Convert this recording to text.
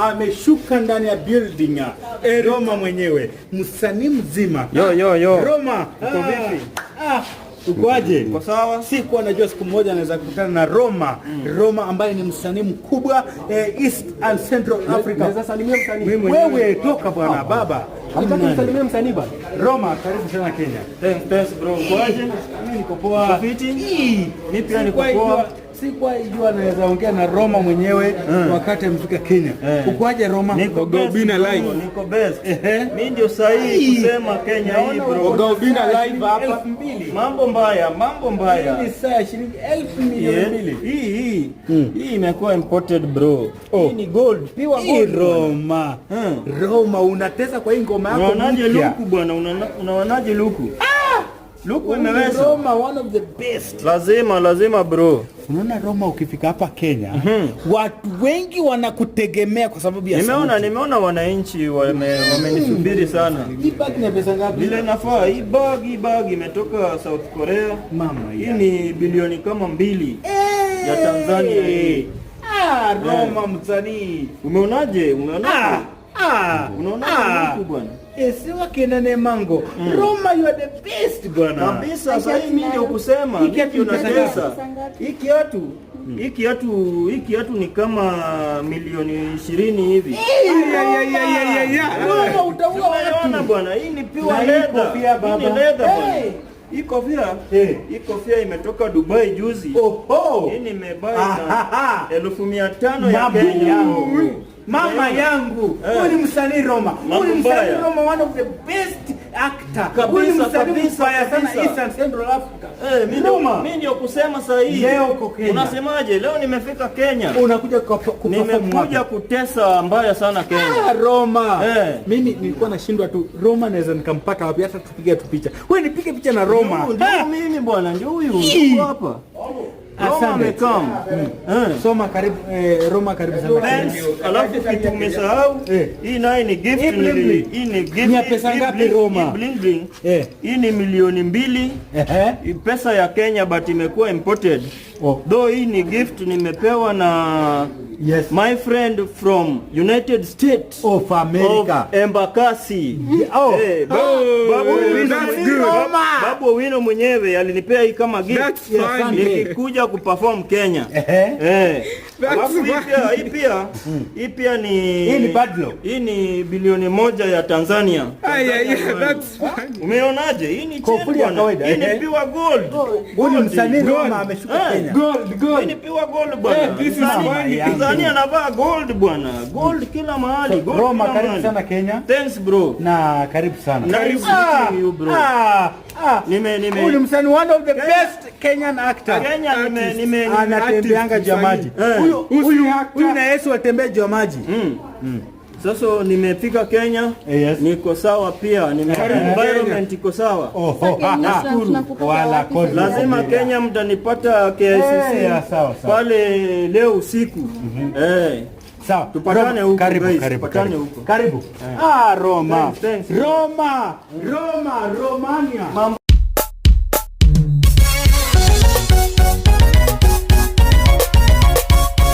ameshuka ndani ya building e, Roma mwenyewe msanii mzima yo, yo, yo. Roma uko ah, vipi? Ah, ukoaje? Kwa sawa, siku anajua siku moja anaweza kukutana na Roma mm. Roma ambaye ni msanii mkubwa eh, East and Central Africa. Naweza salimia msanii wewe, toka bwana ah, ah. baba, nataka nisalimie msanii bwana Roma, karibu sana Kenya. Thanks, thanks bro. Kwaje? Mimi niko poa. Mimi pia niko poa. Si kwa ijua naweza ongea na Roma mwenyewe mm. Wakati amefika Kenya eh. Ukwaje Roma? Niko Gobina live. Niko best. Mimi ndio sahihi kusema Kenya hii bro. Gobina live hapa. Mambo mbaya, mambo mbaya. Hii ni saa shilingi elfu mbili. Hii hii. Hmm. Hii imekuwa imported bro. Oh. Hii ni gold. Piwa gold. Roma. Hmm. Roma unateza kwa hii ngoma yako. Unaonaje luku bwana? unaonaje luku? Ah! Luku imeweza. Roma one of the best. Lazima lazima bro. Unaona Roma ukifika hapa Kenya, mm -hmm. Watu wengi wanakutegemea kwa sababu ya nimeona nimeona wananchi wamenisubiri wame mhm. sana. Hii bag ni pesa ngapi? nafaa hii bag hii bag imetoka South Korea. Mama hii ni bilioni kama mbili hey. ya Tanzania hii. Ah, Roma yeah. Msanii. Umeonaje? Umeonaje? Ah, ah. Unaona ah. Esiwa eh, kinene mango mm. Roma you are the best bwana kabisa. Sasa hii mimi ndio kusema hiki unatesa mm. hiki watu hiki watu hiki watu ni kama milioni ishirini hivi. Eh, Roma utaua watu bwana, hii ni pure leather, hii ni leather bwana. Eh. Hii kofia hey. Hii kofia imetoka Dubai juzi. Oh, Oho. Hii nimebaya elfu mia tano ya Kenya mama eh. yangu eh. huyu ni msanii Roma, huyu ni msanii Roma, one of the best actor, huyu ni msanii mbaya sana East and Central Africa. Eh, mimi ndio kusema sahihi. Leo uko Kenya. Unasemaje? Leo nimefika Kenya. Unakuja kuperform Nimekuja kutesa mbaya sana ah, Kenya. Ah, Roma. Eh. Mimi nilikuwa nashindwa tu Roma naweza nikampata wapi hata tupige tu picha. Wewe nipige picha na Roma. Ndio eh. mimi bwana, ndio huyu. Hapa. Mm. Eh. soma karibu eh, Roma karibu sana. Alafu kitu umesahau eh. hii naye ni gift, hii ni gift. Ni pesa ngapi Roma? Bling bling. Hii ni milioni mbili pesa ya Kenya but imekuwa imported. Oh. Though hii ni gift nimepewa na Yes. My friend from United States of America. Of Embakasi. Oh. babu, ah. Babu Wino mwenyewe alinipea hii kama gift nikikuja kuperform Kenya. Eh. Hii pia hmm. hii pia ni hii ni badlo. Hii ni bilioni moja ya Tanzania. Ah, yeah, yeah, that's fine. Umeonaje? Hii ni chetu Hii ni piwa gold. Gold msanii Roma ameshuka Kenya. Gold, gold. Hii ni piwa gold bwana. Mtanzania anavaa gold bwana, gold kila mahali. Gold bro, kila karibu mahali sana Kenya. Thanks bro. Na karibu sana. Karibu ah, you bro. Ah, ah. Nime nime. Huyu msanii one of the Kenya, best Kenyan actor. Kenya nime nime anatembeanga jamaji. Eh. Huyu Huyu huyu na Yesu atembea jamaji. Mm. Mm. Sasa nimefika Kenya eh, yes. Niko sawa pia, nime environment iko sawa oh, oh, ah, ah. lazima Kenya mtanipata KICC hey, eh, sawa, sawa. pale leo usiku mm -hmm. Eh. hey. Sawa. Tupatane huko. Karibu, karibu, karibu. Karibu. Ah, Roma. Thanks, thanks. Roma, Roma, Romania. Mama.